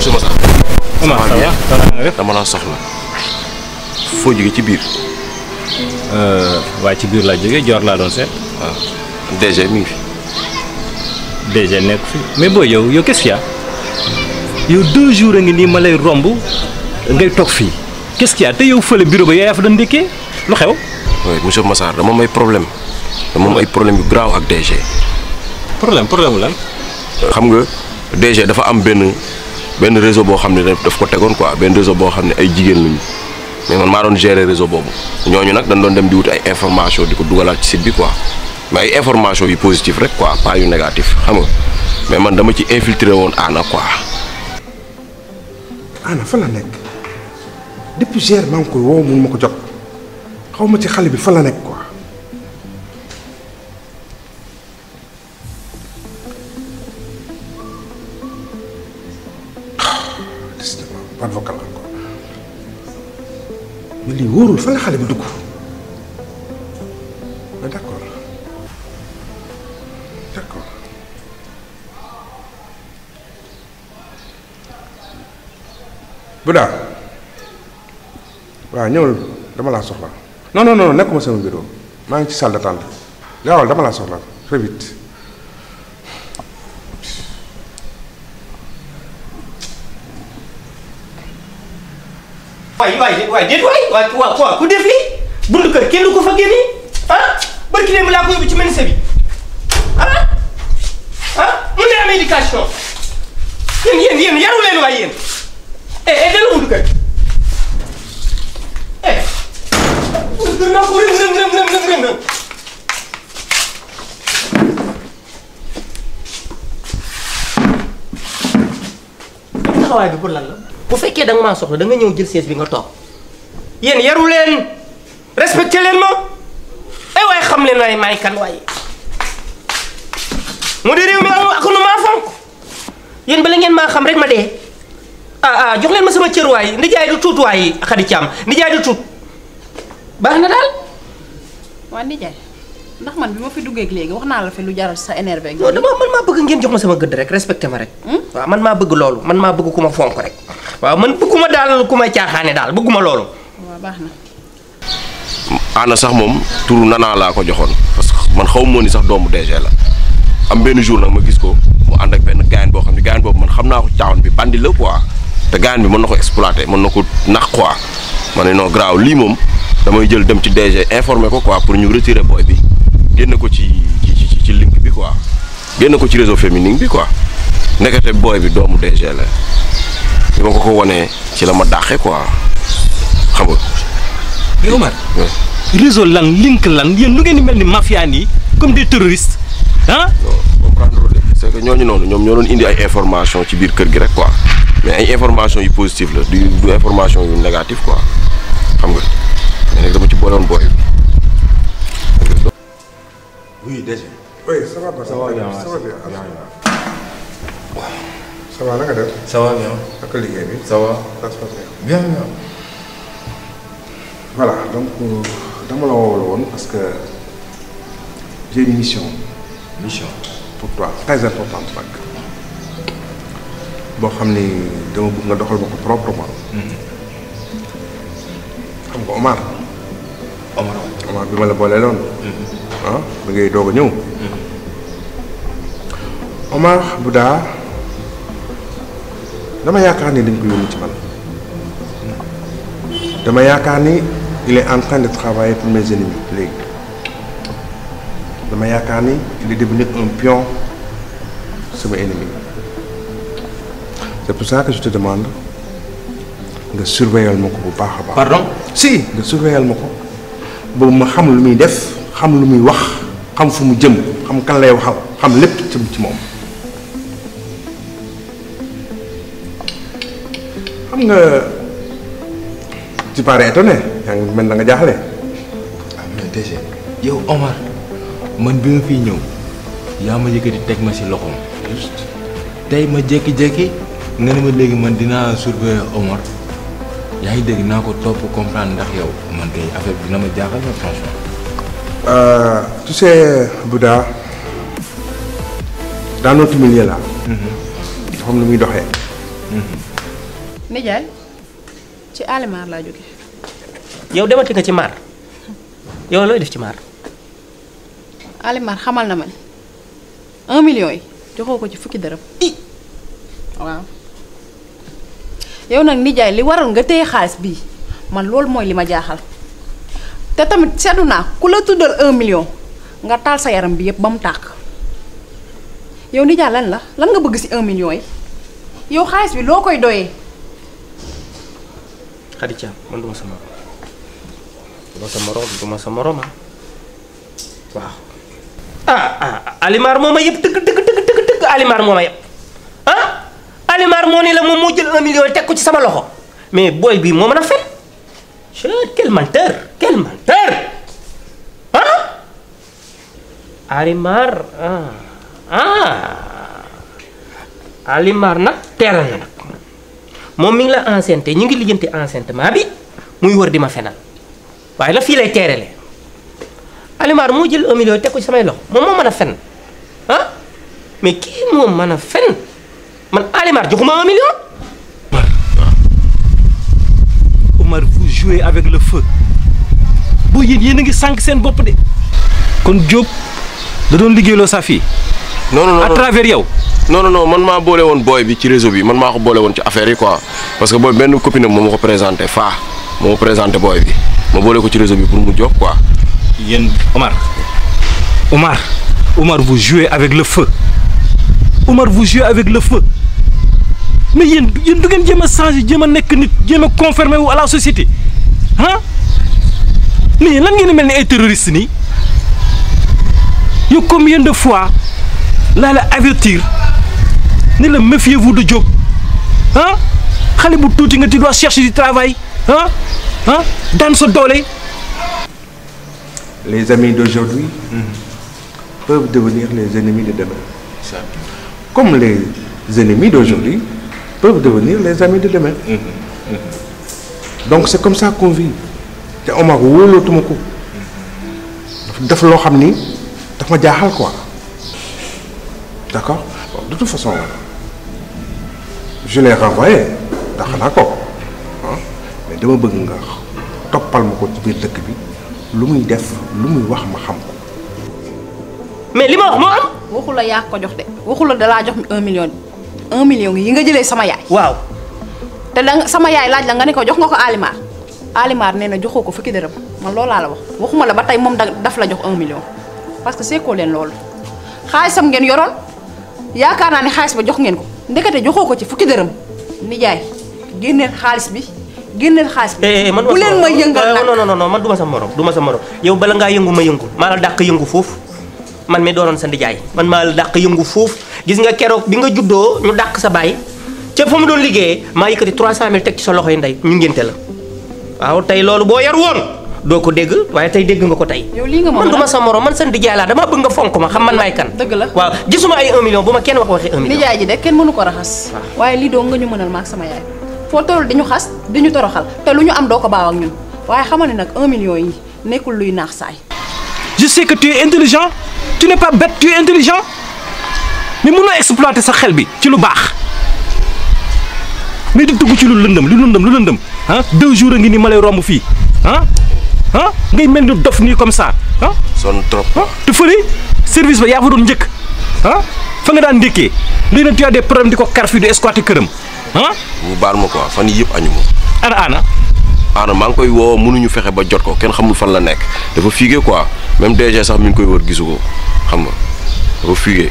soxna dama la soxla. foo jógee ci biir. Euh, waaye ci biir laa jógee joor laa doon seet. waaw ah. DG mi ngi fi. DG nekk fi mais booy yow yow quest a yow deux jours a ngi nii ma lay romb ngay toog fii qu'est-ce qu'il te yow fële bureau ba yaa fa doon ndékkee lu xew. oui monsieur dama am problème dama am ay problème yu graaw ak DG. problème problème lan. Euh, xam nga. DG dafa am benn benn réseau boo xam ne daf ko tegoon quoi benn réseau boo xam ne ay jigéen lañu mais man maa doon gérer réseau boobu ñooñu nag dañ doon dem di wuti ay information di ko dugalaat ci site bi quoi mais ay information yu positif rek quoi pas yu négatif xam nga mais man dama ci infiltré woon Anna quoi. Anna fa la nekk depuis hier maa koy woo mun ma ko jot xaw ma ci xale bi fa la nekk quoi. loolu fan la xale bi dugg mais ah, d'accord d'accord bu daa waaw ñëwal dama laa soxla non non non nekkuma sama bureau maa ngi ci salle d'attente gaawal dama laa soxla très vite waay waay waay déet waay waay waaw ku def lii buntu kër kenn du ko fa génne ah barki démb laa ko yóbbu ci menuisier bi ah ah mu ne am éducation yéen yéen yéen yaru leen waay yéen eh eh dellu buntu kër eh buntu kër naa ko rëm rëm rëm rëm rëm rëm taxawaay bi pour lan la bu fekkee da maa soxla danga ñëw jël siège bi nga toog yéen yaru leen respecté leen ma ay waaye xam leen waaye maay kan waaye mu di réew mi am ak nu maa fonk yéen bala ngeen maa xam rek ma dee ah ah jox leen ma sama cër waay ndi jaay du tuut waay xadi caam ndi jaay du tuut baax na daal waa ndi jaay ndax man bi ma fi duggee léegi wax naa la fi lu jaral sa énervé. non dama man maa bëgg ngeen jox ma sama gëdd rek respecté ma rek. Hmm? waaw man maa bëgg loolu man maa bëgg ku ma fonk rek. waaw man bëgguma daal ku may caaxaane daal bëgguma loolu. waaw sax moom turu nanaa laa ko joxoon parce que man xaw moo ni sax doomu DG la am benn jour ma gis ko mu ànd ak benn gaayan boo xam ne gaayan boobu man xam naa ko caawan bi bandi la quoi te gaayan bi mën na ko exploité mën na ko nax quoi ma ne noo graaw lii moom damay jël dem ci DG informé ko koi pour ñu retirer booy bi génn ko ci ci ci link bi quoi génn ko ci réseau féminin bi quoi ndekete booy bi doomu DG la bi ma ko ko wanee ci la ma dàqe quoi xam nga. mais réseau lan link lan yéen lu ngeen di mel ni mafia nii comme des terroristes ah. non comprendre de ce que ñooñu noonu ñoom ñoo doon indi ay information ci biir kër gi rek quoi mais ay information yu positive la du information yu négative quoi xam nga mais nag dama ci boolewoon booy bi. Oui, déjà. Oui, ça va, ça, ça va bien. Ça va bien. Ça va, naka def. ça bi. ça voilà donc euh, dama la wowal woon parce que j'ai une mission. mission. pour toi très importante nag. boo xam ni dama bëgg nga doxal ma ko proprement. Mm-hmm. xam nga Omar. Omar Omar bi malam la ah bi ngay hmm. Omar Bouda dama yaakaar dañ ko yónni ci man dama yaakaar il est en train de travailler pour mes ennemis léegi dama yaakaar il est devenu un pion sama ennemi c'est pour ça que je te demande de surveiller pardon si de surveiller bu ma xam lu muy def xam lu muy wax xam fu mu jëm xam kan lay waxal xam lépp ci ci moom xam nga ci parais étonné yaa ngi mel na nga jaaxle ah mais déjà yow Omar man bi ma fiy ñëw yaa ma yëkkati teg ma si juste tey ma jékki-jékki nga ne ma léegi man dinaa surveiller Omar yaa ngi dégg naa ko topp comprendre ndax yow man kay affaire bi dina ma jaaxal na franchement. Euh, tu sais Bouddha dans notre milieu là. dafa am lu muy doxee. Médiane ci Alimar laa jóge yow demati nga ci maar yow looy def ci maar. Alimar xamal na ma ne un million yi joxoo ko ci fukki dërëm. waaw. yow nak nijaay li waral nga tey xaalis bi man lol moy lima jaaxal te tamit seddu ku la tuddal 1 million nga tal sa yaram bi yeb bam tak yow nijaay lan la lan nga bëgg ci 1 million yow xaalis bi lokoy koy khadija man duma sama sa sama rom duma sama rom du ah ah Alimar moma yeb deug deug deug deug Alimar moma yeb yëpp ah. Alimar moo ni la moom moo jël un million ci sama loxo mais booy bii moo mën a fen ah, ah. nag teeral mi ngi la enceinte ñu ngi lijjanti enceintement bi muy wër di ma waaye la fii lay moo jël un million samay loxo moom moo mais kii moo mën a fen. man Alimar tu un million. Ah. Omar vous jouez avec le feu Vous vous avez 5 ngi Diop non non non à travers yow. non non non je ne bolé pas booy bi ci réseau bi ko quoi parce que copine ma Fa, présenté faa moo présenté bi réseau pour quoi. Omar Omar Omar vous jouez avec le feu Omar vous jouez avec le feu mais vous yéen du ngeen a changé nit à la société hein? mais lan ngeen a ay terroriste combien de fois la la avertir ne le méfiez-vous de job? hein? xale bu nga chercher du travail hein? hein? Dans ce les amis d'aujourd'hui mmh. peuvent devenir les ennemis de demain. comme les ennemis d'aujourd'hui peuvent devenir les amis de demain. Mhm, mhm. Donc c'est comme ça qu'on vit. On Omar tout le def a quoi d'accord de toute façon je l'ai renvoyé D'accord. Hein? mais dama bëgg nga toppal ma ci biir qu'il bi lu muy ma mais li ma wax voulez am. waxu de la un million. 1 million yi nga jëlé sama yaay. waaw. té la sama yaay laaj la nga ne ko jox nga ko Alimar Alimar néna na fukki dërëm man loolaa la wax waxuma la ba tay mom daf la jox 1 million parce que ko len lool xaalisam ngeen yoron yaakaarna ni xaaliss ba jox ngeen ko ndekete joxoko ci fukki dërëm jaay génneel xaaliss bi. génneel xaaliss bi man bu len ma yëngal non non non man duma sa morom duma sa morom yow bala nga yëngu ma yëngu ma la dàq yëngu fofu man mi doonoon sa ndijay man ma la dàq yëngu fofu gis nga keroog bi nga juddo ñu dakk sa bay ci fu mu doon liggé ma yëkëti 300000 tek ci sa loxo yi ndey ñu ngënté la waaw tay loolu bo yar woon do ko dégg waye tay dégg nga ko tey man duma sa morom man sa nijaay laa damaa bëgg nga fonk ma xam man may kan dëgg la waaw gisuma ay 1 million buma kenn wax waxe 1 million ndijay ji de kenn mënu ko raxas waye li do nga ñu mënal maak sama yaay fo toll diñu xass diñu toroxal te luñu am do ko baaw ak ñun waye xamal nak 1 million yi nekul luy nax saay je sais que tu es intelligent tu n'es pas bête tu es intelligent ni mu mënoo exploiter sa xel bi ci lu bax mais di dug ci lu lendem lu lendem lu lendem han ah, deux jours ngi ni malay romb fi han ah, ah, han ngay mel ni dof ni comme ça han son trop tu te service ba ya fa doon njëkk ah fa nga daan ndékkee léegi nag tu as des problèmes diko carfi du escorter këram han ñu bal mako fa ni yep yëpp añu ma. ana ana. ana mang koy wo munu ñu fexé ba jot ko ken xamul fan la nek dafa figé quoi même DG sax mi ngi koy wër gisugo xam nga dafa figé.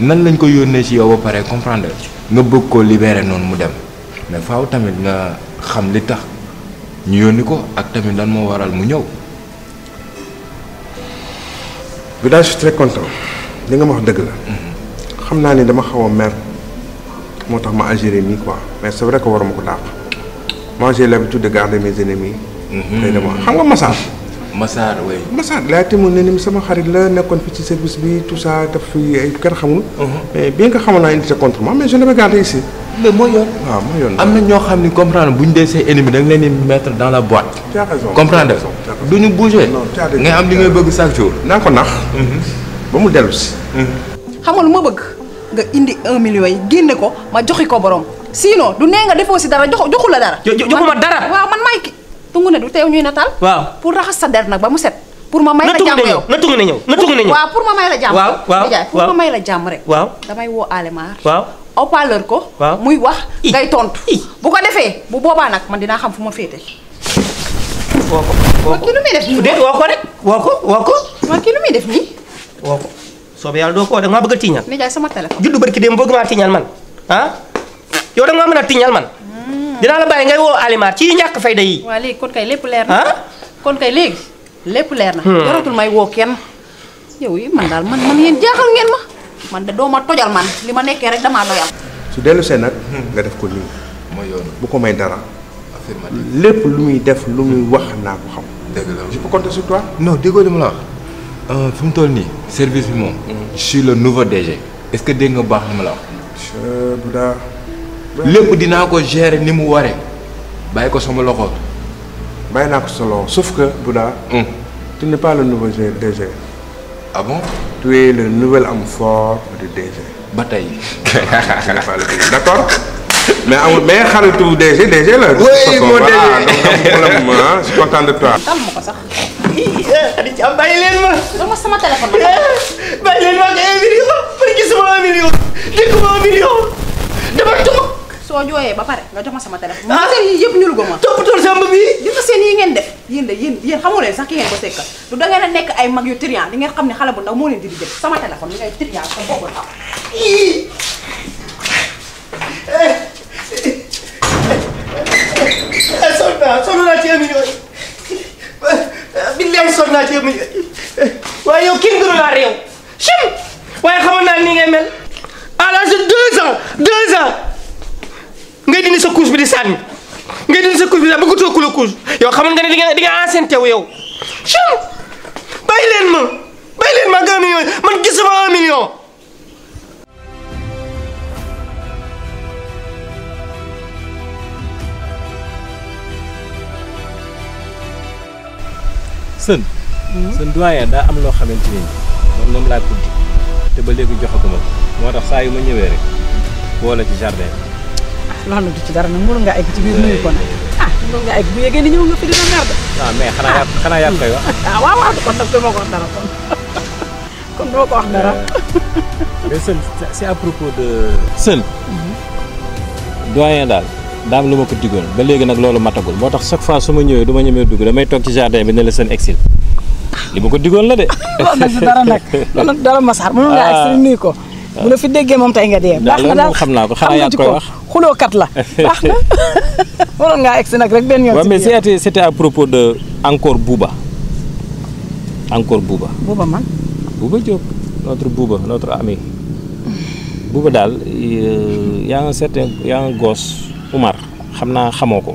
nan lañ ko yónnee ci yow ba pare comprendre nga bëgg koo libérer noonu mu dem mais faaw tamit nga xam li tax ñu yónni ko ak tamit lan moo waral mu ñëw. village je suis très content li nga ma wax dëgg la. Mhm. xam naa ni dama xaw a mer moo tax ma agir nii quoi mais c'est ko que ma ko dàq. moi j'ai l'habitude de garder mes ennemis. tey mhm. dama xam nga message. Massar oui. Massar laajte mu sama xarit la nekkoon fi ci service bi tout ça fi kenn xamul. Uh-huh. mais bien xamoon naa indi sa contre moi ah, na ñoo xam ni comprendre bu ñu dee say ennemi da li ngay euh, bëgg mhm. mu dellu si. Mhm. xam ma bëgg nga indi un million yi génne ko ma joxi ko borom sinon du nee nga defoo si dara joxu joxu la dara. joxu ma dara waaw man may ki tunggu na du teew ñuy natal waaw pour raxas sa der nak ba mu set pour ma may la jàmm yow na tungu ne ñew na tungu ne ñew waaw pour ma may la jàmm waaw waaw iya, pour ma may la jàmm rek waaw damay wo alemar waaw au parleur ko muy wax ngay tontu bu ko defé bu boba nak man dina xam fu ma féete woko woko ki lu muy def nii déet woko rek woko woko waa ki lu muy def nii woko soobe yàlla doo ko da nga bëgg a tiñal nijaay sama téléphone juddu barki dem bëgg maa tiñal man ah yow da nga mën tiñal man dina la baye ngay wo Alimar ci ñak fayda yi. waaw léegi kon kay lepp leer na. kon kay leg lepp leer na. yoratul may wo ken yow yi man dal man man yeen jaxal ngeen ma man da doo ma tojal man lima nekké rek dama loyal su delu sen nak nga def ko ni mo yoon bu ko may dara. lepp lu muy def lu muy wax na ko xam. dëgg la je peux compter sur toi. non déggoo li la wax. fi mu toll ni service bi mom je suis le nouveau DG. est-ce que dégg nga baax li la wax. lepp dina ko gérer ni mu waré bàyyi ko sama loxo. bàyyi naa ko sa sauf que buda Bouddha. Hmm. tu n'es pas le nouveau DG. ah bon. tu es le nouvel homme fort de DG. ba tey. d'accord. mais amul mais xaritu DG DG la. oui moo DG hein. je suis content de toi. tal ma ko sax. xarit ci am ma. dama sama téléphone ma. bàyyi leen ma ak un million. parce que sama un million. dégg nga million. dama soo jooyee ba pare nga jox ma sama téléphone. ah seen yii ko ma. toppatoo sàmm bi. seen yi ngeen def yéen de yéen yéen xamoo leen sax ki ngeen ko a nekk ay mag yu trian di ngeen xam ne xale bu ndaw moo leen di di jël sama téléphone mi ngay trian sa bopp ndaw. Eh, sonn naa sonn yooyu eh, billahi sonn naa ci yooyu eh, waaye yow kenn gënu laa réew. waaye xamoon naa ni ngay mel à l'âge de ngay dindi sa couche bi di sànni ngay dindi sa couche bi di sànni bëggatoo ku la couche yow xamoon nga ne di nga di nga enceinte wu yow. chien bàyyi leen ma bàyyi leen ma ak un million man gis sama un million. sën sën doyen daa am loo xamante ni moom moom laa tudd te ba léegi joxaguma ko moo tax saa yu ma ñëwee rek woo la ci jardin la xam ne du ci dara nag mënu nga egg ci biir nuyu ko nag ah, ni ñëw nga fi lu ma ba léegi nag loolu matagul moo tax chaque fois su ma ñëwee duma ñemee dugg damay toog ci jardin bi ne la seen exil. Ah. li ma ko digoon la de. dara nag loolu dara masaar mënu nga egg si ah. nuyu ko. bu la fi déggee moom tay nga dee baax na daal xam naa ko xanaa yaa koy wax xuloo kat la baax na waroon ngaa egsi nag rek benn yoon waaw mais c'était c'était à propos de encore Bouba encore Bouba Bouba man Bouba Diop notre Bouba notre ami Bouba daal euh, yaa nga certain yaa nga gosse Oumar xam naa xamoo ko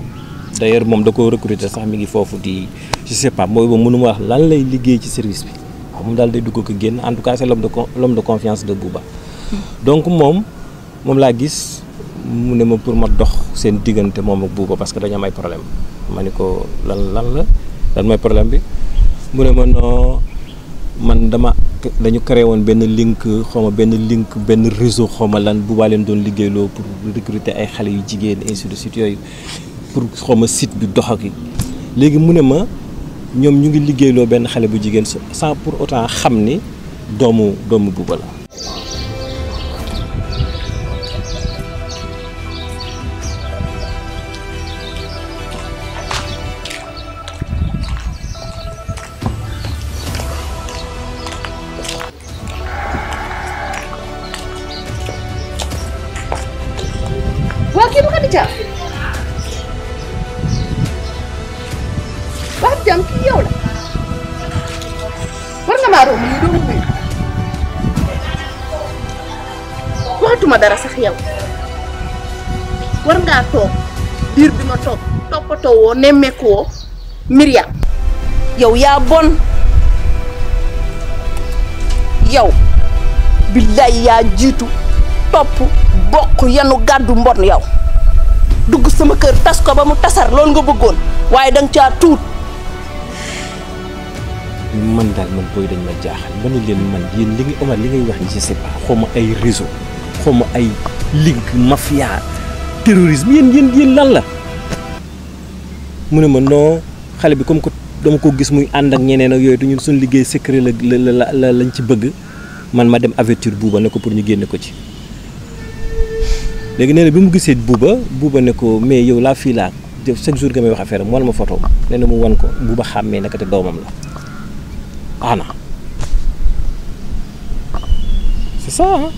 d'ailleurs moom da ko recruter sax mi ngi foofu di je sais pas mooy ba mënu wax lan lay liggéey ci service bi moom daal day dugg ko génn en tout cas c'est l'homme de l'homme de confiance de Bouba donc mom moom la gis mu ne ma pour ma dox sen diggante moom ak buuba parce que dañ am ay problème maniko lan lan la lan mooy problème bi mu ne ma no man dama dañu créé won ben link xoma ben link ben réseau xoma lan buubaa leen doon liggéeyloo pour recruter ay xalé yu jigéen ainsi de site yoy pour xoma site bi dox ak légui mu ne ma ñom ñu ngi liggéeyloo ben xalé bu jigen sans pour autant xamni ni doomu doomu la Ya bon yow billahi ya jitu, top bokku yanu gaddu mbon yow dugg sama keur tas ko ba tasar lol nga waye dang ci a tout man dal man boy dañ ma jaxal ma len man yeen li ngi Omar li ngay wax ni je sais pas xoma ay réseau xoma ay link mafia terrorisme yeen yeen yeen lan la mune ma non xale bi comme ko dama ko gis muy ànd ak ñeneen ak yooyu te ñun suñu liggéey secret la la la lañ ci bëgg man ma dem avertir buuba ne ko pour ñu génne ko ci. léegi nee na bi mu gisee buuba buuba ne ko mais yow laa fii laa def chaque jour nga may wax affaire am wan ma photo nee na mu wan ko buuba xàmmee naka te doomam la ana c'est ça hein?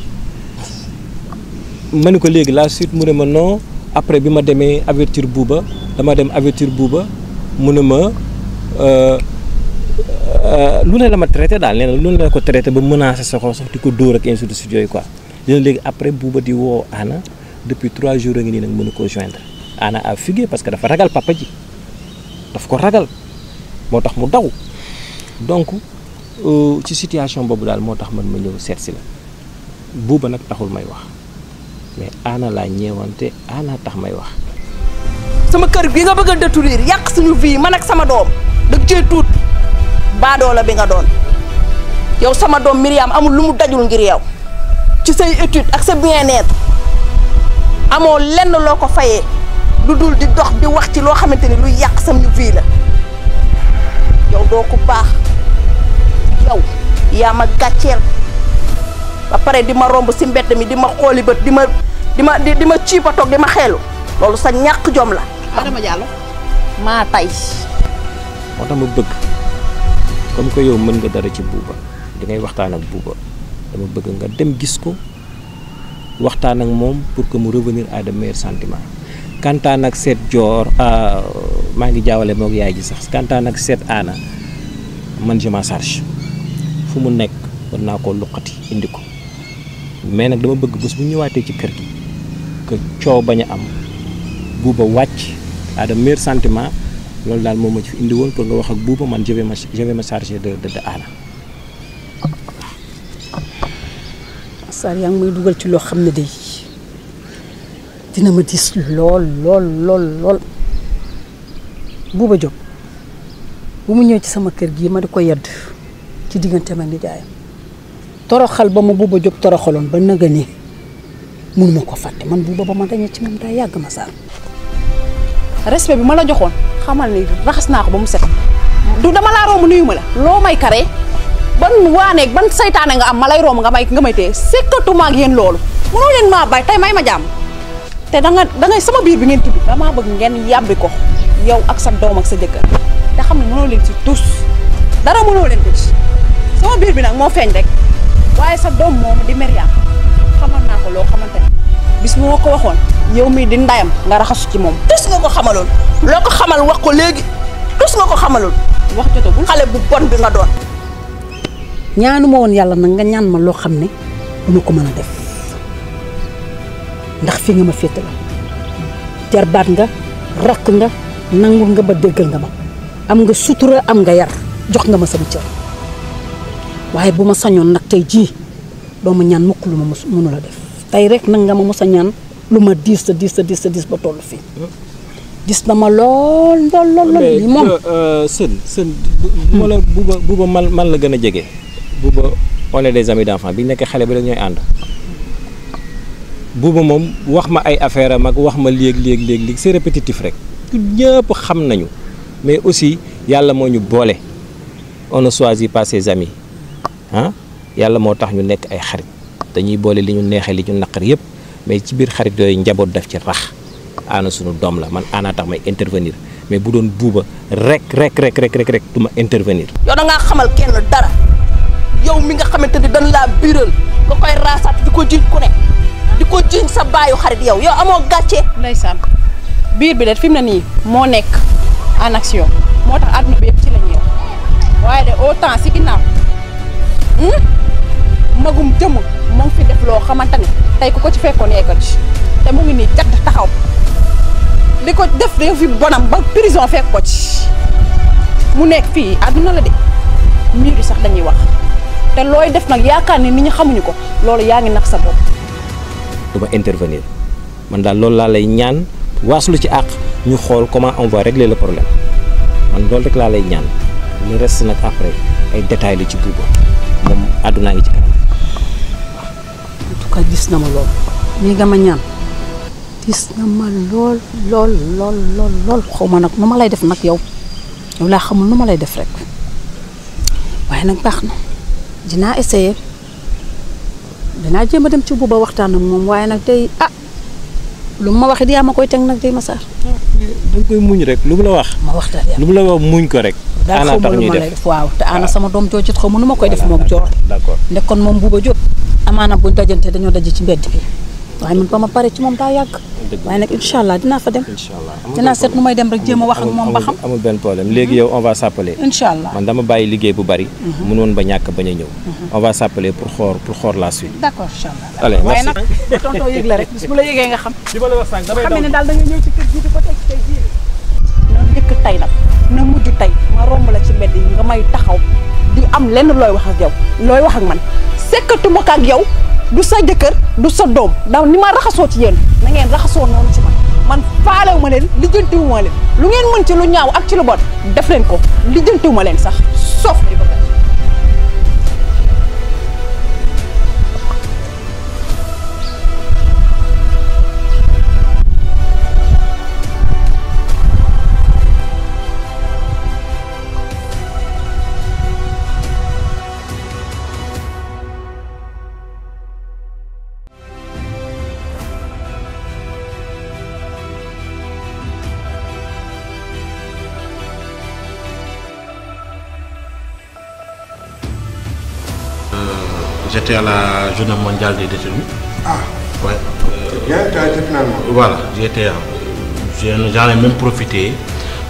ma ne ko léegi la suite mu ne ma non après bi ma demee avertir buuba dama dem avertir buuba mu ne ma. Euh, euh, lu ne la ma traité daal nee na ne la ko traité ba menacé sa xol sax di ko dóor ak ainsi de suite yooyu quoi dina léegi après Bouba di woo Anna depuis trois jours a ngi nii nag mënu ko joindre Anna a fugué parce que dafa ragal papa ji daf ko ragal moo tax mu daw donc euh, ci situation boobu daal moo tax man ma ñëw seet si la Bouba nag taxul may wax mais Anna laa ñeewante Anna tax may wax. sama kër gi nga bëgg a détruire yàq suñu vie man ak sama doom. dag cee tuut la bi nga don yow sama don Miriam amul lu mu dajul ngir yow ci say etude ak sa bien-être amo lenn loko fayé fayee dul di dox di wax ci lo xamanteni lu yak sam ñu fii la yow doo ko baax yow ya ma gatchel ba pare di ma romb ci mbedd mi di ma xoli beut di ma di ma di ma tok di ma xeelu lolu sa ñak jom la. Adama Diallo ma tay motax ma bëgg comme que yow mën nga dara ci buuba di ngay waxtaan ak buuba dama bëgg nga dem gis ko waxtaan ak moom pour que mu revenir à de meilleurs sentiments kanta nak set jor euh ah, ma ngi jaawale mok yaay ji sax kanta nak set ana man je ma charge fu mu nek war na ko luxati indi ko mais nak dama bëgg bës bu ñëwaaté ci kër gi que baña am buba wacc à de meilleurs sentiments loolu daal moom ma ci indiwoon indi woon nga wax ak buuba man je ma je vais me charger de de de Anna. Sarr yaa ngi may dugal ci loo xam ne day dina ma dis lool lool lool lool buuba Diop bu mu ñëw ci sama kër gii ma di ko yedd ci diggante ma nijaayam toroxal ba ma buuba Diop toroxaloon ba naga ni mënuma ko fàtte man buuba ba ma dañee ci moom daa yàgg ma Sarr respect bi ma la joxoon. xamal ni raxas naa ko ba mu set du dama laa romb nuyu ma la loo may kare ban waaneeg ban seytaane nga am ma lay romb nga may nga may téye sekkatuma ak yéen loolu mënoo leen maa bay tey may ma jàmm te danga nga sama biir bi ngeen tibb damaa bëgg ngeen yàbbi ko yow ak sa doom ak sa jëkkër te xam ne mënoo leen ci tus dara mënoo leen ko ci sama biir bi nag moo feeñ rek waaye sa doom moom di Mariam xamal naa ko loo xamante ne bis bu ko waxon yow mi di ndayam nga raxasu ci mom tous nga ko xamalon loko xamal wax ko legi tous nga ko xamalon wax bu xale bu bon bi nga doon ñaanuma won yalla nak nga ñaan ma lo xamne ne ko def ndax fi nga ma féete la bat nga rak nga nangul nga ba déggal nga ma am nga sutura am nga yar jox nga ma sama cër waye buma sañon nak tay ji jii ma ñaan mukk mënu la def tay rek nag nga ma mos ñaan luma ma diis Dis diis te ba tollu fi gis na ma lol lol lool mom euh moom sën sën la buba buba mal mal la gëna a buba on est des amis d'enfant bi nekk xalé bi la ñoy and buba mom wax ma ay affaire mak wax ma léeg léeg léeg léeg c'est répétitif rek ñepp xam nañu mais aussi yalla mo ñu bolé on ne choisit pas ses amis hein yalla mo tax ñu nekk ay xarit dañuy boole li ñu neexee li ñu naqar yëpp mais ci biir xarit yooyu njaboot def ci rax aana sunu doom la man aana tax may intervenir mais bu doon buuba rek rek rek rek du ma intervenir. yow da ngaa xamal kenn dara yow mi nga xamante ni dañ laa biiral nga koy raasaat di ko jiñ ku ne di ko jiñ sa baayu xarit yow yow amoo gàcce. ndeysaan biir bi de fi mu ne nii moo nekk en action moo tax àdduna bi yëpp ci la waaye de au temps si ginnaaw hmm, magum jëmm. mu ngi fi def loo xamante ni tey ku ko ci fekkoon yaay ko ci te mu ngi nii cat taxaw li ko def da fi bonam ba prison fekk ko ci mu nekk fii àdduna la de miir yi sax dañuy wax te looy def nag yaakaar ni nit ñi xamuñu ko loolu yaa ngi nax sa bopp. du ma intervenir man daal loolu laa lay ñaan waaslu ci àq ñu xool comment on va régler le problème man loolu rek laa lay ñaan le rest nag après ay détails lu ci buuba moom àdduna ngi ci ko gis na ma lool lii nga ma ñaan gis na ma lool lool lool lool lool xaw ma nag nu ma lay def nag yow yow laa xamul nu ma lay def rek waaye nag baax na dinaa essayer dinaa jéem a dem ci buuba waxtaan ak moom waaye nag tey ah lu ma wax it yaa ma koy teg nag tey ma ah, da nga koy muñ rek lu la wax. ma waxtaan lu mu la wax muñ ko rek. daal xaw ma lu ma lay ah. doom joojit xaw ma ma koy def ah, moom joor ne kon moom buuba jóg amaana buñ dajante dañoo daje ci mbedd bi waaye man ba ma pare ci moom daa yàgg waaye nag incha allah dinaa fa dem dinaa seet nu may dem rek jéem a wax ak moom ba xam amul benn problème léegi hmm? yow on va s'appeler incha allah man dama bàyyi liggéey bu bari mënoon hmm. ba ñàkk bañ a ñëw hmm. on va s'appeler pour xoor pour xoor la suite d'accord incha allah allez la rek bis bu la yëgee nga xam li la wax sànq damay xam ne da nga ñëw tey ma romb la ci mbedd yi nga may taxaw di am lenn looy wax ak yow looy wax ak man sekkatuma ko ak yow du sa jëkkër du sa doom ndax ni ma raxasoo ci yéen na ngeen raxasoo noonu ci man man faalewu ma leen lijjantiwu ma leen lu ngeen mën ci lu ñaaw ak ci lu bon def leen ko lijjantiwu ma leen sax sof J'étais à la journée mondiale des détenus. Ah Ouais. Euh, bien, tu as été finalement Voilà, j'étais. Euh, hein. J'en ai même profité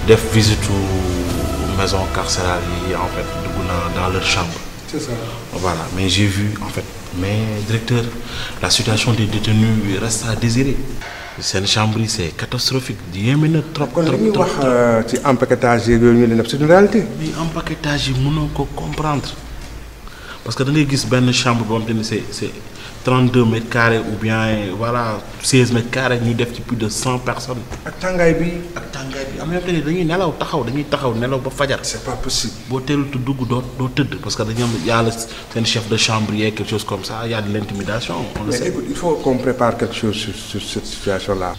de visite aux maisons carcérales, en fait, dans, leur chambre. C'est ça. Voilà, mais j'ai vu, en fait, mais directeur, la situation des détenus reste à désirer. une chambre c'est catastrophique C'est un trop trop trop trop..! li euh, un empaquetage réalité. c'est une réalité. mais comprendre parce que da ngay ben chambre boo xamante ni c'est c'est 32 mètres carrés ou bien voilà 16 mètres carrés ñu def ci plus de 100 personnes. ak tàngaay bi ak tàngaay bi am na yoo dañuy nelaw taxaw dañuy taxaw nelaw ba fajar. c'est pas possible. boo teelut dugg doo doo tëdd parce que dañu am yàlla chef de chambre yeeg quelque chose comme ça y a de l'intimidation. on le sait mais écoute il faut qu'on prépare quelque chose sur cette situation là.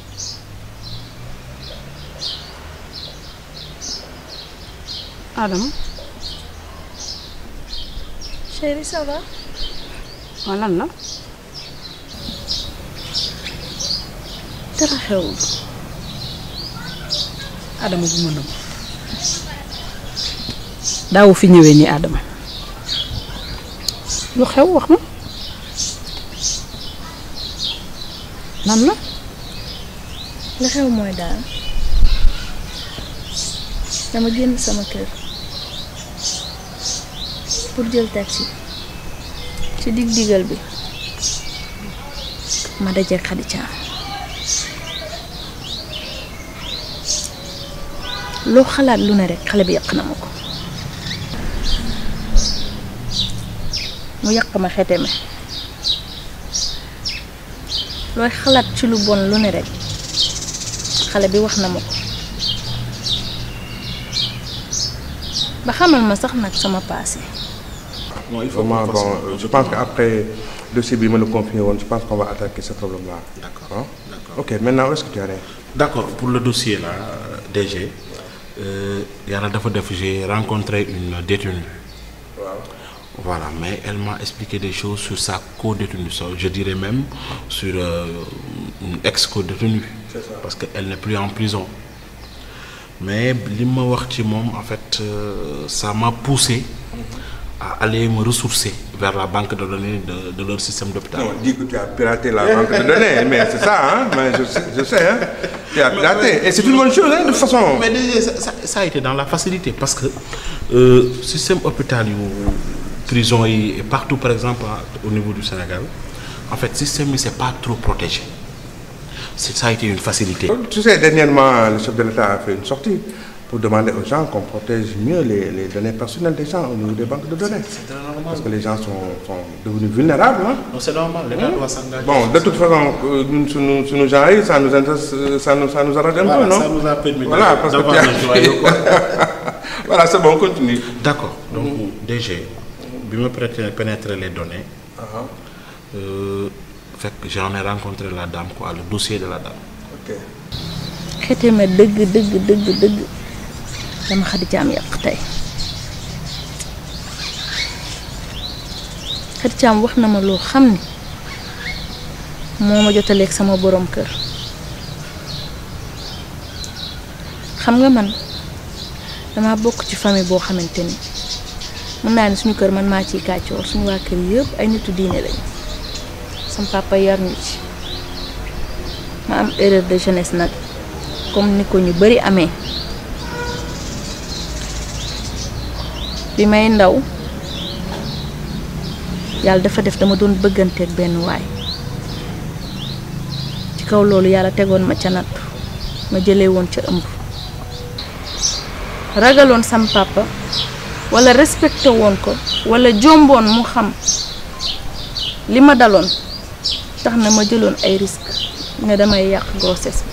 Adam. chéri ça va. waaw lan la. dara xewul. Adama bu ma nëbb. daawu fi ñëwee nii Adama. lu xew wax ma. lan la. li xew mooy daal. dama génn sama kër. pour jël taxi ci digg diggal bi ma dajeeg Khady Thiam loo xalaat lu ne rek xale bi yàq na ma ko mu yàq ma xete me looy xalaat ci lu bon lu ne rek xale bi wax na ma ko ba xamal ma sax nag sama passé il faut je pense qu'après le dossier, le je pense qu'on va attaquer ce problème-là. D'accord. Hein? Ok, maintenant, où est-ce que tu arrives D'accord, pour le dossier, là, DG, euh, euh j'ai rencontré une détenue. Voilà. mais elle m'a expliqué des choses sur sa co-détenue, je dirais même sur euh, une ex-co-détenue, parce qu'elle n'est plus en prison. Mais ce que en fait, euh, ça m'a poussé. Mm-hmm à aller me ressourcer vers la banque de données de, leur système d'hôpital. On dit que tu as piraté la banque de données, mais c'est ça, hein? mais je, sais, hein? tu as piraté. Et c'est une bonne chose, hein, de toute façon. Mais ça, ça, a été dans la facilité, parce que euh, système hôpital, prison et partout, par exemple, hein, au niveau du Sénégal, en fait, le système ne s'est pas trop protégé. Ça a été une facilité. Tu sais, dernièrement, le chef de l'État a fait une sortie pour demander aux gens qu'on protège mieux les, données personnelles des gens au niveau des banques de données. C'est normal. Parce que les gens sont, sont devenus vulnérables. Hein? c'est normal, Les gens hein? doivent s'engager. Bon, de toute façon, euh, nous, si nous, si nous ça nous, intéresse, ça nous, ça nous arrange un peu, non Ça nous a permis voilà, parce que quoi Voilà, c'est bon, on continue. D'accord. Donc, mmh. DG, à pénétrer les données. Uh-huh. Euh, fait que j'en ai rencontré la dame, quoi, le dossier de la dame. Ok. que dama xadi jaam yàpp tey xadi wax na ma loo xam ni moo ma jotaleeg sama boroom kër xam nga man dama bokk ci famille boo xamante ni mën naa ne suñu kër man maa ci kàccoor suñu waa kër yëpp ay nitu diine lañu sama papa yar ñu ci ma am erreur de jeunesse nag comme ni ko ñu bari amee bi may ndaw yàlla dafa def dama doon bëgganteeg benn waay ci kaw loolu yàlla tegoon ma ca nattu ma jële woon ca ëmb ragaloon sam walla wala woon ko wala jomboon mu xam li ma daloon tax na ma jëloon ay risque ne damay yàq grossesse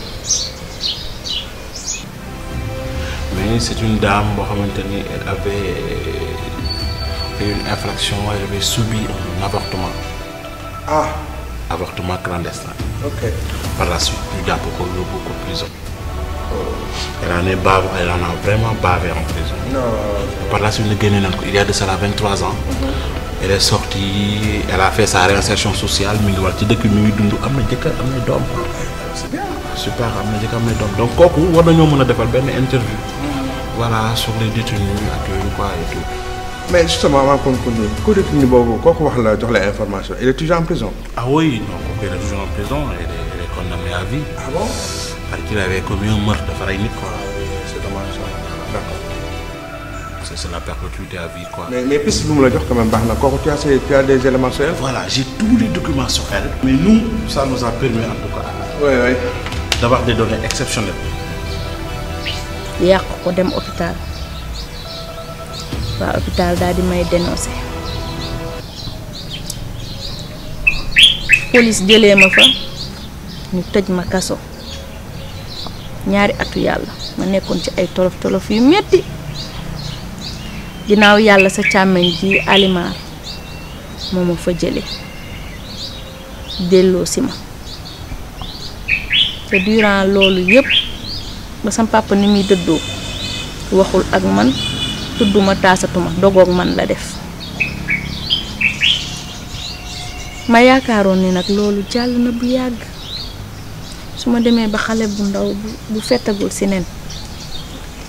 c'est une dame elle avait fait une infraction elle avait subi un avortement. ah. avortement clandestin. ok par la suite il y ko beaucoup de prison. elle en est bave elle en a vraiment bavé en prison. non par la suite il y a de cela 23 ans. Mm-hmm. elle est sortie elle a fait sa réinsertion sociale mais elle a ci dëkk mi ngi super elle a jëkkër donc beaucoup, war nañoo mën a defal interview voilà sur les détenus quoi et tout. mais justement avant qu'on continue ko détenu il est toujours en prison. ah oui non il est toujours en prison il est condamné à vie. ah bon. parce qu'il avait commis un meurtre de rey quoi. Ah c'est dommage d'accord. c'est la perpétuité à vie quoi. mais mais vous vous me dites quand même bahna. tu as tu as des éléments sur elle. voilà j'ai tous les documents sur elle. mais nous ça nous a permis en tout cas. oui oui. d'avoir des données exceptionnelles. yàq ko dem hôpital waa hôpital daal di may dénoncé police jëlee ma fa ñu tëj ma kaso ñaari atu yàlla ma nekkoon ci ay tolof tolof yu metti ginnaaw yàlla sa càmmeñ ji alimaar moo ma fa jële delloo si ma te durant loolu yépp ba sam papa ni muy dëddoo waxul ak man tudduma taasatuma dogoog man la def ma yaakaaroon ni nag loolu jàll na bu yàgg su ma demee ba xale bu ndaw bu fettagul si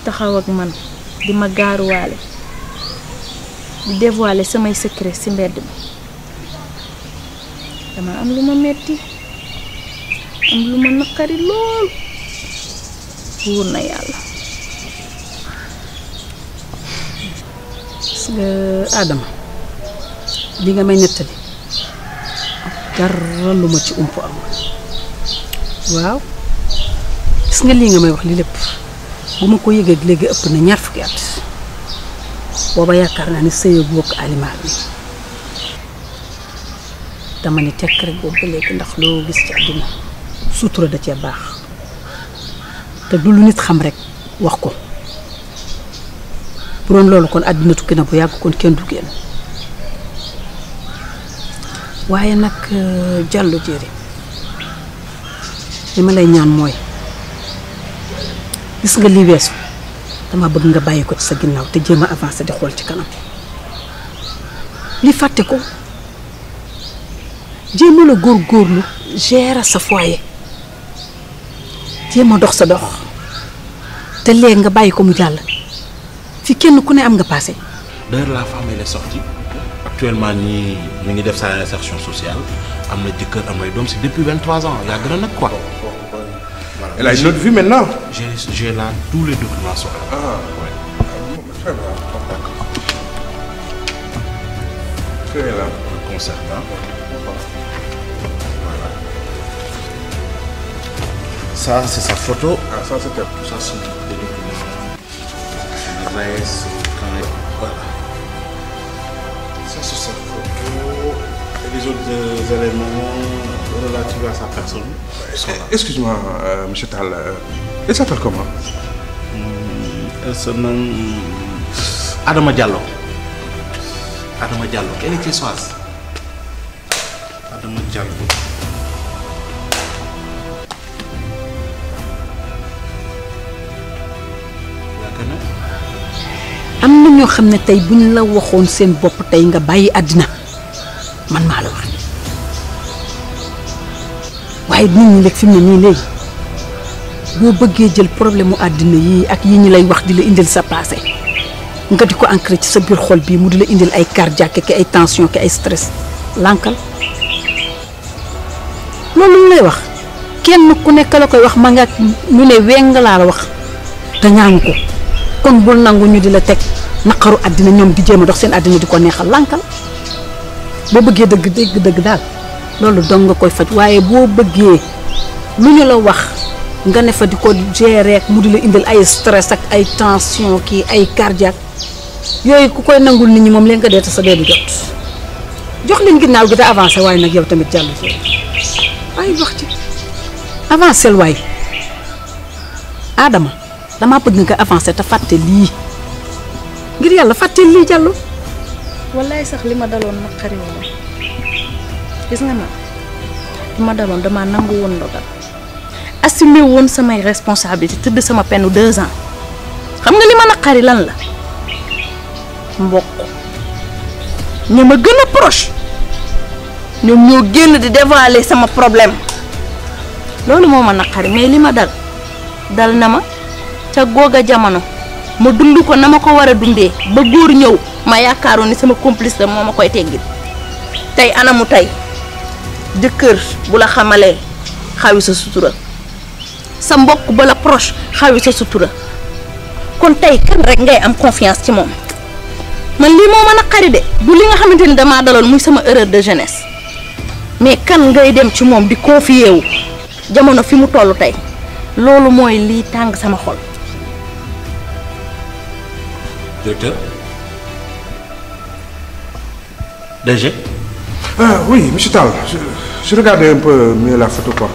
taxaw ak man di ma di dévoiler samay secret dama am metti am buur ya yàlla parce que Adama nga may nettali dara lu ma ci ump am waaw gis nga li nga may wax li lepp. Buma ko yegge ak legge ëpp na ñaar fukki at Boba yaakaar na ni sëyoo bu wokk aliment bi dama ni tek rek boobu ba ndax lo gis ci aduna. sutura da ci baax te du lu nit xam rek wax ko bu doon loolu kon àddina tukki na bu yàgg kon kenn du génn waaye nag jàllu euh, jéeri li ma lay ñaan mooy gis nga li weesu dama bëgg nga bàyyi ko ci sa ginnaaw te jéem a avancer di xool ci kanam li fàtte ko jéem a la góorgóorlu gérer sa foyer jéem a dox sa dox te léegi nga bàyyi ko mu jàll fi kenn ku ne am nga passé. d'ailleurs la famille elle est sortie actuellement ñii ñu ngi def sa insertion sociale am na jëkkër am ay doom si depuis 23 ans yàgg na nag quoi. elle a une autre vie maintenant. j'ai j'ai là tous les documents soxla. ah oui. très bien. d'accord. très bien. concernant. Ça, c'est sa photo. ça, ah, c'était ça, c'est L'adresse, voilà. Ça, c'est sa photo. Et les autres euh, éléments relatifs à sa personne. Excuse-moi, euh, M. Tal, Et euh, elle s'appelle comment hmm, Elle se nomme Adama Diallo. Adama Diallo, elle est christoise..! Adama Diallo. ñoo xamne tay buñ la waxoon seen bop tay nga bayyi adina man ma la wax ni waaye nit ñi nag fi mu ne nii léegi jël problème adina yi ak yi ñi lay wax di la indil sa passé nga diko ancré ci sa bir xol bii mu di la indil ay cardiaque ki ay tension ay stress lankal loolu ñu lay wax kenn ku nekk la koy wax ma nga ñu ne weng la la wax te ñaan ko kon bul nangu ñu di la nakaru adina ñom di jema dox seen adina diko neexal lankal bo bëggé deug deug deug dal lolu dong nga koy fajj waye bo lu ñu la wax nga ne fa diko gérer ak mu di la indil ay stress ak ay tension ki ay cardiaque yoy ku koy nangul nit ñi mom leen nga déta sa dédu jot jox leen gi avancer waye nak yow tamit jallu ci ay wax ci avancer way adama dama bëgg nga avancer ta li ngir yalla fàtteel li jallu wallahi sax lima dalon nak naqari wu ma gis nga ma ma dalon? dama nangu won ndogal assumé won sama responsabilité teud sama penu 2 ans xam nga lima ma naqari lan la mbokk ni ma gëna proche ñoom ñoo di dévoiler sama problème lolu moma ma naqari mais lima dal dal na ma ca goga jamono ma dund ko na ma ko war a dundee ba góor ñëw ma yaakaaroon ni sama complice la moo ma koy teggil tey anamu tey jëkkër bu la xamalee xawi sa sutura sa mbokk ba la proche xawi sa sutura kon tey kan rek ngay am confiance ci moom man lii moo mën a xari de du li nga xamante ni damaa daloon muy sama erreur de jeunesse mais kan ngay dem ci moom di confier wu jamono fi mu toll tey loolu mooy lii tàng sama xol Docteur DG euh, Oui, monsieur Tal, je, je regardais un peu mieux la photo. Quoi.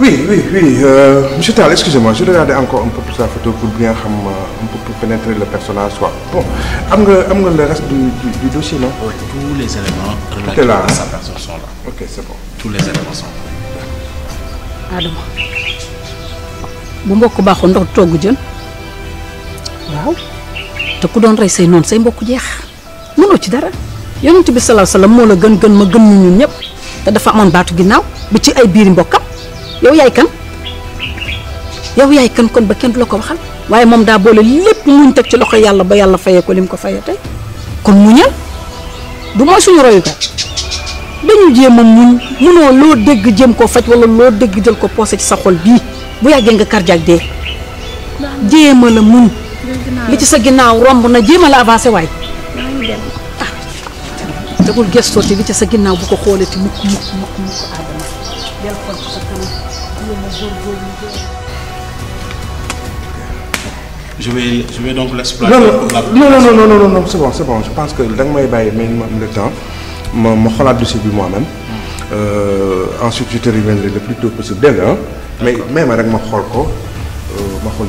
Oui, oui, oui. Euh, Monsieur Tal, excusez-moi, je regardais encore un peu plus la photo pour bien euh, un peu plus pénétrer le personnage. Soit. Bon, amène le reste du, du, dossier, non Oui, tous les éléments relatifs là, à hein. sa personne sont là. Ok, c'est bon. Tous les éléments sont là. Adam. bu mbokk baaxoon ndox togg jën waaw te ku doon rey say noonu say mbokk jeex mënoo ci dara yonent bi salaaw salaam moo la gën gën ma gën ñu T'as ñëpp te dafa amoon baatu ginnaaw bi ci ay biiri mbokkam yow yaay kan yow yaay kan kon ba kenn du la ko waxal waaye moom daa boole lépp muñ teg ci loxo yàlla ba yàlla fayee ko lim ko fayee tey kon muñal du mooy suñu royukaay dañu jéem a munoo loo dégg jéem koo faj wala loo dégg jël ko poosé ci sa xol bii bu yàggee nga cardiaque dee jéem a la li ci sa ginnaaw romb na jéem a la avancé waay ah tegul gestooti li ci sa ginnaaw bu ko xoolee te mukk mukk mukk mukk aadama Je vais, je vais donc l'exploiter. Non, non, non, non, non, non, non c'est bon, c'est bon. Je pense que le temps, je vais dessus moi-même. Euh, ensuite, je te reviendrai le plus tôt possible. Hein? Mais même avec ma je ma chorco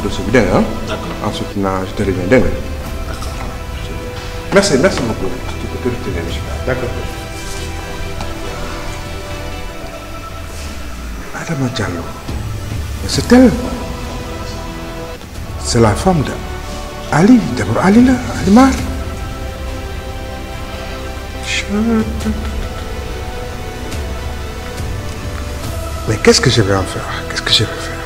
de ce bien. Hein? Ensuite, je te reviendrai. Merci, merci beaucoup. D'accord. c'est elle. C'est la femme de Ali, d'abord Ali là, Mais qu'est-ce que je vais en faire Qu'est-ce que je vais faire